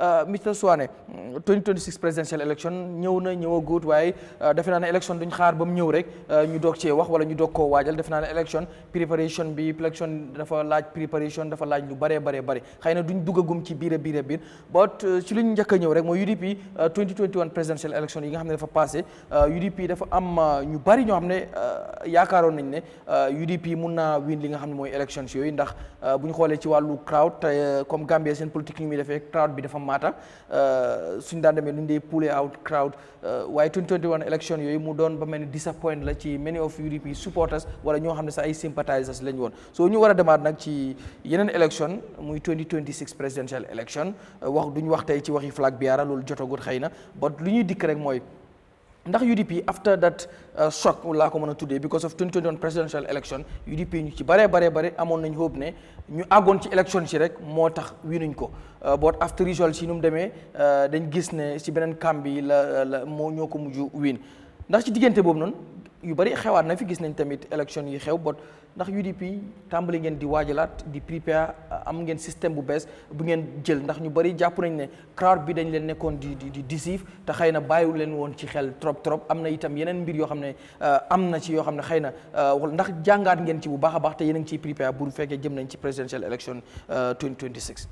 Mr Soane 2026 presidential election ñëw na ñëwagut waaye euh, defe naa ne election duñ xaar ba mu ñëw rek euh, ñu doog cee wax wala ñu doog koo waajal defe naa ne election préparation bi election dafa laaj laaj lu bare bare bare xëy na duñ duggagum ci biir a biir a biir but euh, ci lu ñu njëkk ñëw rek mooy UDP 2021 presidential election yi nga xam ne dafa passé UDP dafa am ñu bari ñoo xam ne yaakaaroon nañ ne UDP mun naa win li nga xam ne mooy elections yooyu ndax bu ñu wàllu crowd bi dafa Matam euh, suñ daan demee nu ñu dee pull out crowd euh, waaye 2021 election yooyu mu doon ba mel ni disappoint la ci many of UDP supporters wala ñoo xam ne sax ay sympathisers lañ woon soo ñu war a demaat nag ci yeneen election muy 2026 presidential election euh, wax duñ wax tey ci waxi flag bearer loolu jotagut xëy na but lu ñuy dikk rek mooy. ndax UDP after that uh, shock laa ko mën because of 2021 presidential election UDP ñu ci bare bare bare amoon nañ hope ne ñu ci election si rek moo ko uh, but after result si nu mu demee uh, dañ gis ne camp bi la mo moo ñoo win ndax ci diggante yu bari xewaat na fi gis nañ tamit élection yi xew bot ndax UDP tàmbali ngeen di waajalaat di prepare uh, am ngeen système bu bees bu ngeen jël ndax ñu bari jàpp nañ ne crowd bi dañ leen nekkoon di di deceive, disiif te xëy na bàyyiwul leen woon ci xel trop trop amna na itam yeneen mbir yoo xam ne uh, am na ci yoo xam ne xëy na uh, ndax jàngaat ngeen ci bu baax baax te yéen a prepare bu fekkee jëm nañ ci presidential election 2026.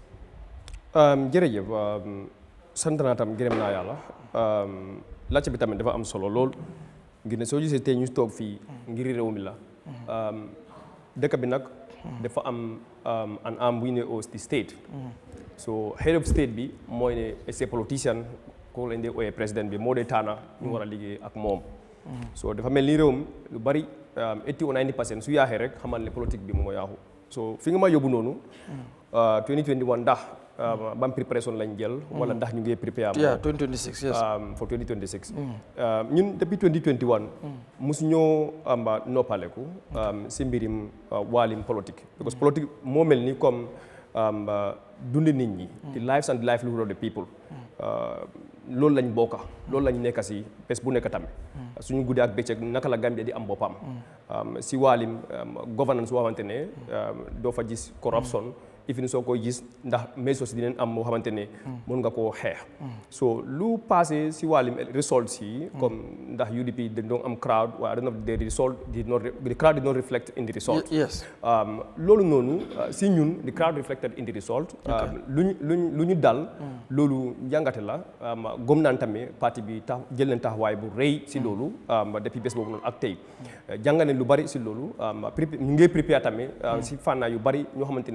Um, jërëjëf um, sant naa tam gërëm naa yàlla um, laajte bi tamit dafa am solo lool. ngir ne soo gisee tey ñu toog fii. ngir réew mi la. Um, dëkk bi nag. dafa am um, an arm bu ñu ne state. so head of state bi mooy ne c'est politicien kooku lañ dee ooyee président bi moo dee taana ñu war a liggéey ak moom. so dafa mel ni réew mi lu bari um, eighty ou ninety percent su yaaxee rek xamal ne politique bi moo yaaxu so fi nga ma yóbbu noonu. 2021 uh, Uh, ban hmm. prepare lañ jël wala ndax ñu ngi prépare yeah 2026 yes um, for 2026 ñun hmm. uh, depuis 2021 hmm. musu ñoo amba um, noppaleku um, si mbirim uh, waalim politique because politique moo mel ni comme dundi nit ñi the lives and livelihood of the people loolu lañ bokka loolu lañ nekk si bés bu nekk tamit suñu guddi ak bëccëg naka la Gambia di am boppam si waalim governance boo xamante ne fa gis corruption even soo ko gis ndax measures dinañ am moo xamante ne hmm. mën nga koo xeex hmm. so lu passé si wàllum results yi hmm. comme ndax UDP dañ doon am crowd waaye I don't know the result did not the crowd did not reflect in the result um, loolu noonu uh, si ñun di crowd reflected in the result luñ um, luñ lu ñu dal loolu njàngate la um, gëm naan tamit parti bi tax jël nañ taxawaay bu rëy si loolu depuis bés boobu noonu ak tey uh, jànga nañ lu bari si loolu ñu ngi prépare tamit uh, si fànna yu bari ñoo xamante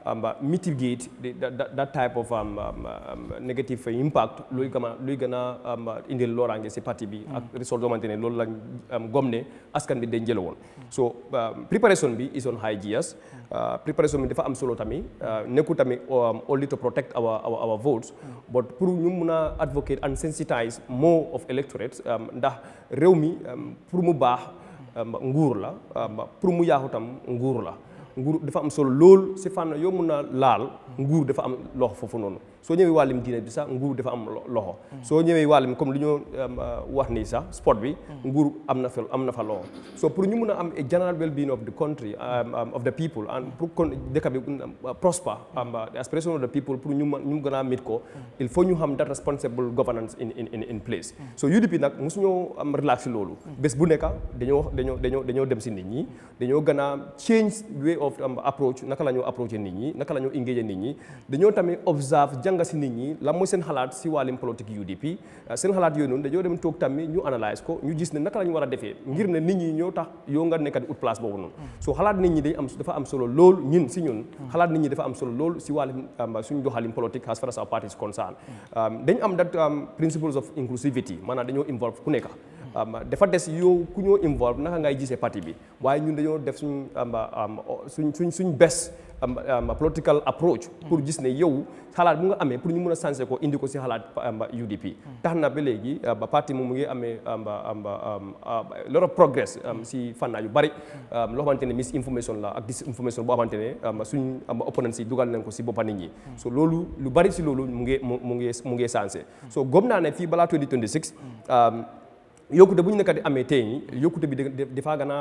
Um, uh, mitigate the, that, that, type of um, um, negative uh, impact luy gën a luy gën a uh, indil looraange si parti bi ak mm. result doomante ne loolu la gom ne askan bi dañ jëla woon so préparation bi is on high gears mm. préparation bi dafa am solo tamit nekku tamit only to protect our our votes mm. but pour ñu mun a advocate and sensitize more of electorates ndax réew mi pour mu baax nguur la pour mu yaaxu tam nguur la nguur dafa am solo lool si fànn yoo mun naa laal nguur dafa am loxo foofu noonu soo ñëwee wàllum diine bi sax nguur dafa am loxo soo ñëwee wàllum comme li ñu um, uh, wax nii sax sport bi nguur am na fa am na fa loxo so pour ñu mun a am a general well being of the country of the people pour kon dëkk bi ñu ñu gën a mit ko il faut ñu xam that responsible governance in in in place so UDP nag mosuñoo am relax si loolu bés bu nekk dañoo dañoo dem si nit ñi dañoo gën change of um, approach naka la ñoo approché nit ñi naka la ñoo engagé nit ñi dañoo tamit observe jànga si nit ñi lan mooy seen xalaat si wàllum politique UDP euh, seen xalaat yooyu noonu dañoo dem toog tamit ñu analyse ko ñu gis ne naka la war a defee ngir ne nit ñi ñoo tax yow nga nekkat ut place boobu noonu mm. so xalaat nit ñi dafa am solo lool ñun si ñun mm. xalaat nit ñi dafa am solo lool si wàllum um, suñu doxalin politique as far as our party is concerned mm. um, dañ am that principles dafa des yow ku ñoo involve naka ngay gisee parti bi waaye ñun dañoo def suñ suñ suñ suñ bes political approach pour gis ne yow xalaat bu nga amee pour ñu mun a sensé ko indi ko si xalaat UDP tax na ba léegi parti moom mu ngi amee lot of progress si fànnaa yu bari loo xamante ne misinformation la ak disinformation boo xamante ne suñ opponents si dugal nañ ko si boppa nit ñi so loolu lu bari si loolu mu ngi mu ngi mu ngi sensé so gëm naa ne fii balaa yokkute bu ñu nekk di amee tey yokkute bi dafaa gën a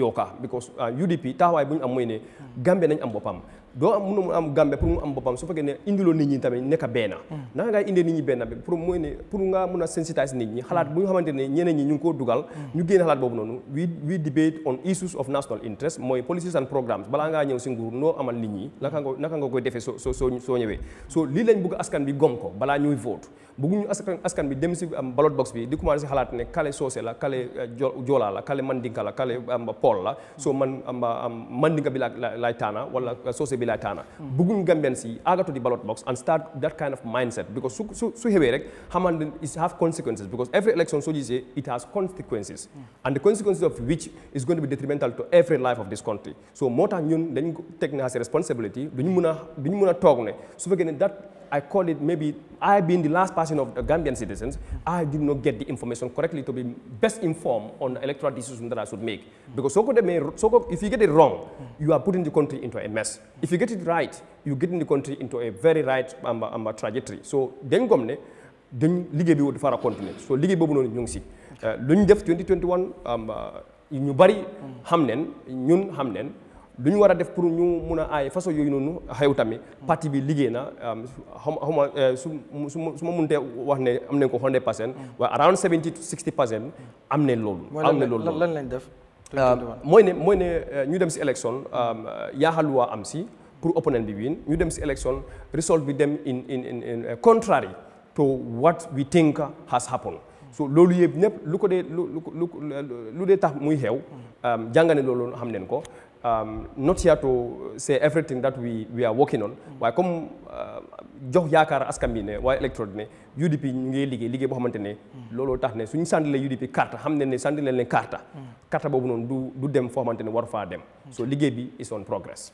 yokka because ah, UDP taxawaay bu ñu am mooy ne hmm. Gambie nañ am boppam doo am mun a am Gambie pour mu am boppam su fekkee ne indiloo nit ñi tamit nekk benn hmm. naka ngay indee nit ñi benn bi pour mooy ne pour nga mun a sensitiser nit ñi hmm. xalaat bu ñu xamante ne ñeneen ñi ñu ngi koo dugal hmm. ñu génn xalaat boobu noonu we debate on issues of national interest mooy policies and programmes balaa ngaa ñëw si nguur noo amal nit ñi naka nga naka nga soo soo soo so lii lañ bëgg askan bi gom ko balaa ñuy vote bëgguñu askan bila kaana buggum Gambians yi aga to the ballot box and start that kind of mindset because su su rek xamal ne it have consequences because every election soo gisee it has consequences and the consequences of which is going to be detrimental to every life of this country so moo tax ñun dañ teg na as a responsibility duñu mën a a toog ne su fekkee ne that I call it maybe I being the last person of Gambian citizens, I did get the information correctly to be best informed on the electoral decision that I should make. Because so may, so if you get it wrong, you are putting the country into a mess. If you get it right, you get in the country into a very right um, um, trajectory. So then gomne, then ligue bi would far continue. So ligue bobu non ñung ci. Euh, Luñ def 2021 um, euh, ñu bari xam ñun xam lu ñu war a def pour ñu mun a aay façon yooyu noonu xew tamit mm. parti bi liggéey na um, xaw ma euh, su su ma mënutee wax ne am nañ ko 100 percent mm. waaye around 70 to 60 percent am nañ loolu am nañ loolu lan lañ def euh, mooy ne mooy ne euh, ñu dem si élection um, yaaxaluwaa am si pour opponent bi win ñu dem si élection result bi dem in in in contrary to what we think has happened mm. so loolu yëpp ñëpp lu ko dee lu lu lu dee tax muy xew um, jàngane loolu xam neen ko um, not here to say everything that we, we are working on mm-hmm. waaye comme uh, jox yaakaar askan bi ne waaye électrode ne UDP ñu ngi liggéey liggéey boo xamante ne mm-hmm. looloo tax ne suñu sànni la UDP carte xam ne ne sànni leen ne carte mm-hmm. carte boobu noonu du du dem foo xamante ne war faa dem so liggéey bi is on progress